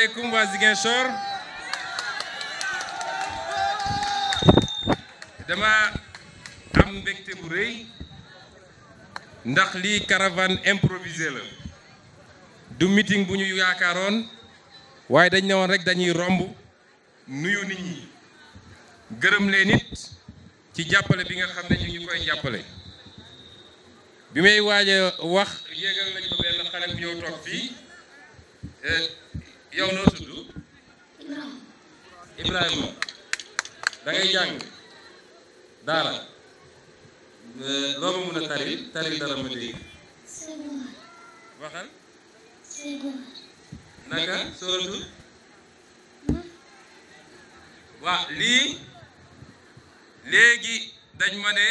asalaamaaleykum waa Ziguinchor dama am mbégte bu rëy ndax lii caravane improvisée la du meeting bu yaakaaroon waaye dañ ne woon rek dañuy romb nuyu nit ñi gërëm leen it ci jàppale bi nga xam ne ñu ngi koy jàppale bi may waaja wax yéegal nañ ko benn xale bu ñëw toog fii yow noo tudd Ibrahima da ngay jàng daara eh, loo ma mën a tari tari dara ma dégg waxal naka sóoratu waa lii léegi dañ ma ne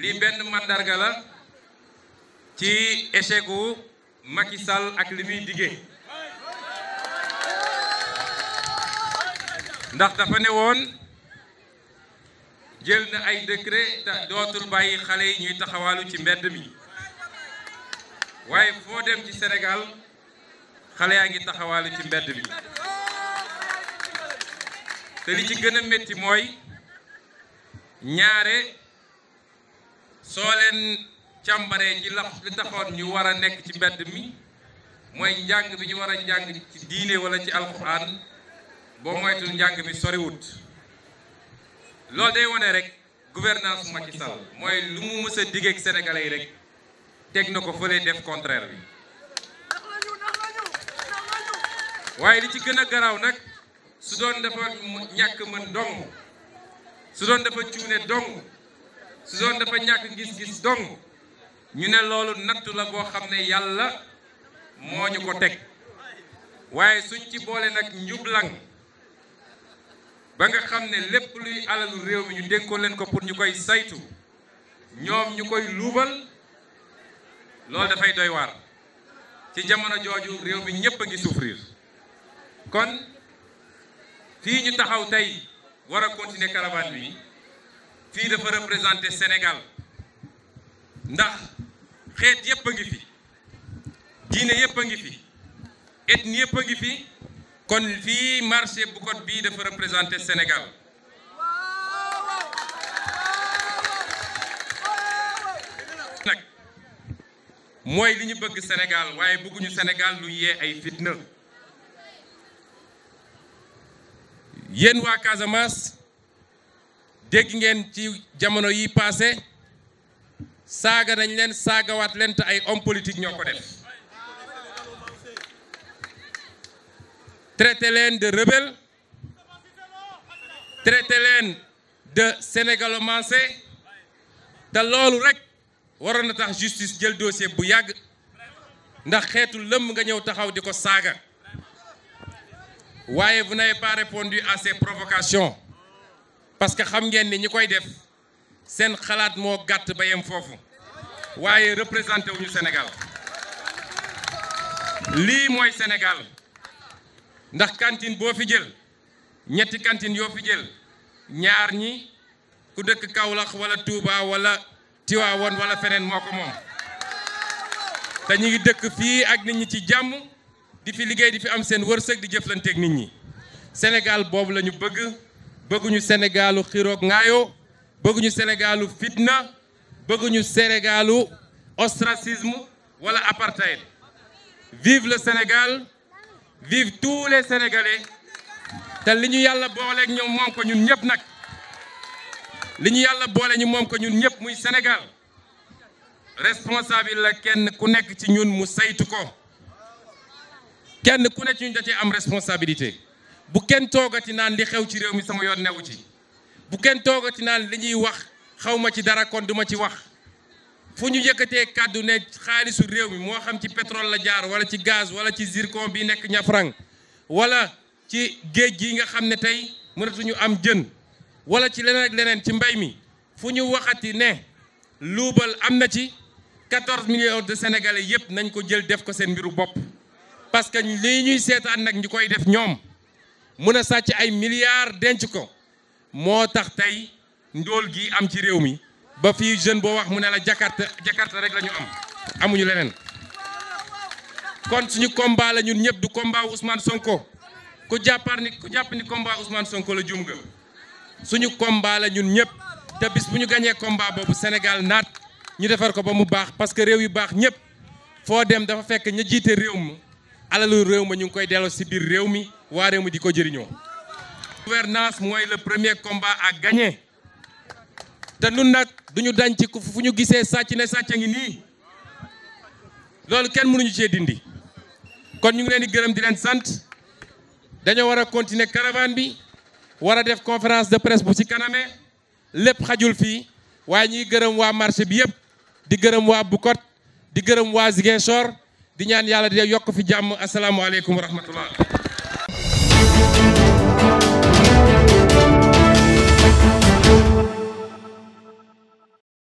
lii mandarga la ci Macky Sall ak ndax dafa newon jël na ay décret ta dootul bayyi xalé yi ñuy taxawalu ci mbedd mi waye fo dem ci Sénégal xalé yaa ngi ci mbedd mi té li ci gën metti moy mooy ñaare soo leen ci lax li taxoon ñu wara nekk ci mbedd mi moy jang bi ñu wara jang ci diine wala ci alcorane boo moytul njàng mi soriwut loolu day wane rek gouvernance Macky Sall mooy lu mu mës a digeeg sénégalais yi rek teg na ko fële def contraire bi waaye li ci gën a garaaw nag su doon dafa ñàkk mën dong su doon dafa cuune dong su doon dafa ñàkk gis-gis dong ñu ne loolu nattu la boo xam ne yàlla moo ñu ko teg waaye suñ ci boole nag njublang ba nga xam ne lépp luy alalu réew mi ñu dénkoon leen ko pour ñu koy saytu ñoom ñu koy luubal loolu dafay doy waar ci jamono jooju réew mi ñëpp a ngi souffrir kon fii ñu taxaw tey war a continuer bi fii dafa représenter senegal ndax xeet yëpp a ngi fi diine yëpp a ngi fi ethnie yëpp a ngi fi kon fi marché Boucotte bii dafa représenter Sénégal nag mooy li bëgg Sénégal waye bëgguñu Sénégal lu yé ay fitna yeen wa Casamance dégg ngeen ci jamono yi passé saga nañ leen leen ay hommes politiques ñoko def Traitez-les de rebelle Traitez-les de sénégalomancé Ta lolu rek justice jël dossier bu yag ndax leum nga ñew taxaw vous n'avez pas répondu à ces provocations parce que xam ngeen ni ñi koy def sen xalaat mo gatt Vous représentez Waye wuñu Sénégal Sénégal ndax cantine boo fi jël ñetti cantine yoo fi jël ñaar ñi ku dëkk Kaolack wala Touba wala Tiwaawoon wala feneen moo ko moom te ñu ngi dëkk fii ak nit ñi ci jàmm di fi liggéey di fi am seen wërsëg di jëflanteeg nit ñi Sénégal boobu lañu bëgg bëgguñu Sénégalu xiroog ngaayo bëgguñu Sénégalu fitna bëgguñu Sénégalu ostracisme wala apartheid vive le Sénégal vive tous les sénégalais te li ñu yàlla booleek ñoom moom ko ñun ñëpp nag li ñu yàlla boole ñu ko ñun ñëpp muy Sénégal responsable la kenn ku nekk ci ñun mu saytu ko kenn ku nekk ci ñun da am responsabilité bu kenn toogati naan li xew ci réew mi sama yoon newu ci bu kenn toogati li ñuy wax xaw ci dara kon duma ci wax. fu ñu yëkkatee kàddu ne xaalisu réew mi moo xam ci pétrole la jaar wala ci gaz wala ci zircon bi nekk ñafrang wala ci géej gi nga xam ne tey mënatuñu am jën wala ci leneen ak leneen ci mbay mi fu ñu waxati ne luubal am na ci 14 millions de sénégalais yëpp nañ ko jël def ko seen mbiru bopp parce que lii ñuy seetaan nag ñu koy def ñoom mën a sàcc ay milliards denc ko moo tax tey ndóol gi am ci réew mi ba fii jeune boo wax mu ne la Jakarta Jakarta rek la ñu am amuñu leneen kon suñu combat la ñun ñëpp du combat Ousmane Sonko ku jàppar jàpp ni combat Ousmane Sonko la jum nga suñu combat la ñun ñëpp te bis bu ñu gañee combat bu Sénégal naat ñu defar ko ba mu baax parce que réew yu baax ñëpp foo dem dafa fekk ña jiite réew mi alalu réew ma ñu ngi koy delloo si biir réew mi waa réew mi di ko jëriñoo gouvernance mooy le premier combat à gagner te nun nag duñu dañ ci fu ñu gisee sàcc ne sàcc a ngi nii loolu kenn mënuñu cee dindi kon ñu ngi leen di gërëm di leen sant dañoo war a continuer caravane bi war a def conférence de presse bu ci kaname lépp xajul fii waaye ñuy gërëm waa marché bi yëpp di gërëm waa Bukot di gërëm waa Ziguinchor di ñaan yàlla di yokk fi jàmm asalaamualeykum wa rahmatullah